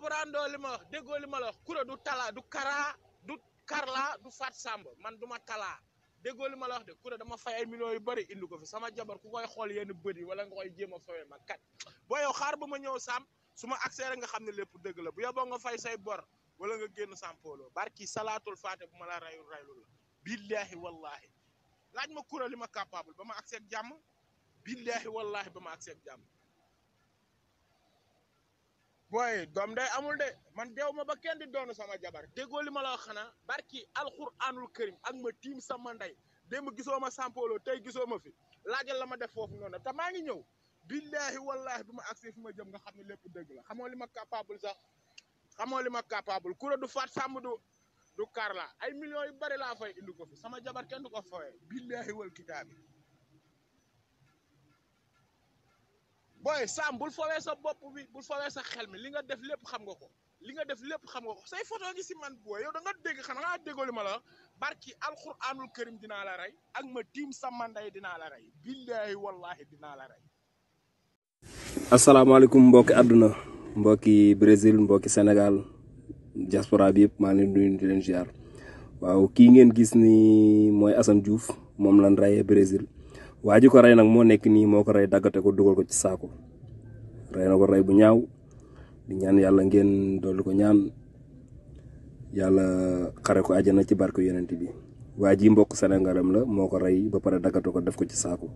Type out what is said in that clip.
comprendre doo li ma wax lima li ma la kura du tala du kara du karla du fat sambo, man duma tala déggoo li ma la wax de kura dama fay ay millions yu bari indi ko sama jabar ku koy xool yenn bët yi wala nga koy jema a fawee ma kat boo yow xaar ba ma sam suma ma accès rek nga xam ne lépp la bu yoboo nga fay say bor wala nga sampolo barki salatul fate bu ma la rayul rayul la billahi wallahi laaj ma kura li ma capable ba jamu, accès ak billahi wallahi bama ma accès booy doom day amul de man dew ma ba kenn di doonu sama jabar déggoo li ma la wax xanaa barki alxuraanul karim ak ma tiim sama ndey ma gisoo ma sampolo tey gisoo ma fi laajal la ma def foofu noonu te maa ngi ñëw billaahi wallaahi bi ma agsi fu ma jëm nga xam ne lépp dëgg la xamoo li ma capable sax xamoo li ma capable kura du faat sàmm du du karla ay millions yu bari laa fay indi ko fi sama jabar kenn du ko fooyee billaahi wal kitaabi booy Sam bul fowee sa bopp bi bul fowee sa xel mi li nga def lépp xam nga ko li nga def xam nga ko say photo gi si man booy yow da nga dégg xanaa nga déggoo li ma la barki alxuraanul karim dinaa la rey ak ma tiim sa manday dinaa la rey billaahi wallaahi dinaa la rey. asalaamaaleykum mbokki àdduna mbokki Brésil mbokki Sénégal diaspora bi yëpp maa ngi leen di waaw kii ngeen gis ni mooy Assane Diouf moom lan rayee Brésil. waa ji ko rey nag moo nekk nii moo ko rey daggate ko dugal ko ci saako rey na ko rey bu ñaaw di ñaan yàlla ngeen dolli ko ñaan yàlla xare ko na ci barke yonent bi waa ji mbokk Sénégalam la moo ko rey ba pare daggate ko def ko ci saako